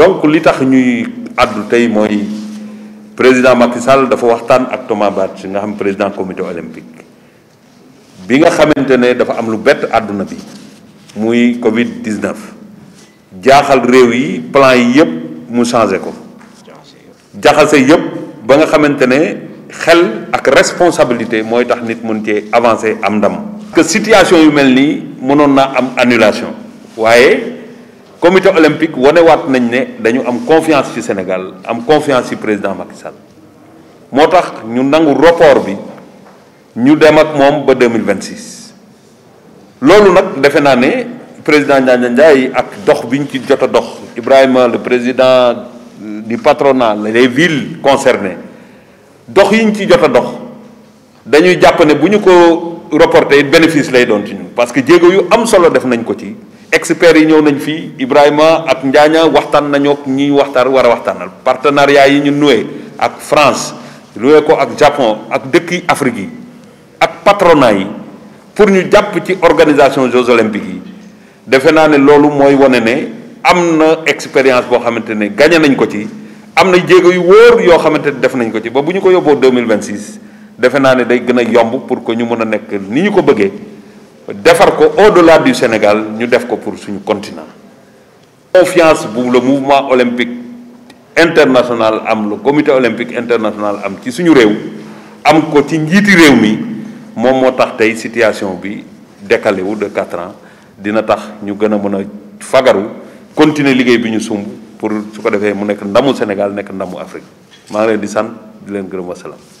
donc li tax ñuy àddu tey mooy président Macky Sall dafa waxtaan ak Thomas Bach nga xam président comité olympique bi nga xamante ne dafa am lu bett àdduna bi muy Covid 19 jaaxal réew yi plan yi yëpp mu changé ko jaxase yëpp ba nga xamante ne xel ak responsabilité mooy tax nit mun cee avancer am ndam. que situation yu mel nii mënoon naa am annulation waaye. comité olympique wanewaat nañ ne dañu am confiance ci Sénégal am confiance ci président Macky moo tax ñu nangu report bi ñu dem ak moom ba 2026 loolu nag defe naa ne président Ndiaye Ndiaye ak dox bi ñu ci jot a dox Ibrahima le président du patronat les villes concernées dox yi ñu ci jot a dox dañuy jàpp ne bu ñu ko reporté bénéfice lay doon ci ñun parce que jéego yu am solo def nañ ko ci experts yi ñëw nañ fii Ibrahima ak Njaaña waxtaan nañoo ak ñi waxtaan war a waxtaanal partenariat yi ñu noué ak France nuwee ko ak Japon ak dëkki Afrique yi ak patronat yi pour ñu jàpp ci organisation Jeux olympiques yi defe naa ne loolu mooy wane ne am na expérience boo xamante ne gagné nañ ko ci am na jéego yu wóor yoo xamante ne def nañ ko ci ba bu ñu ko yóbboo 2026 defe naa ne day gën a yomb pour que ñu mën a nekk ni ñu ko bëggee defar ko au-delà du Sénégal ñu def ko pour suñu continent confiance bu le mouvement olympique international am le comité olympique international am ci suñu réew am ko ci njiiti réew mi moom moo tax tey situation bi décalé wu de 4 ans dina tax ñu gën a mën a fagaru continuer liggéey bi ñu sumb pour su ko defee mu nekk ndamu Sénégal nekk ndamu Afrique maa ngi leen di sant di leen gërëm wasalaam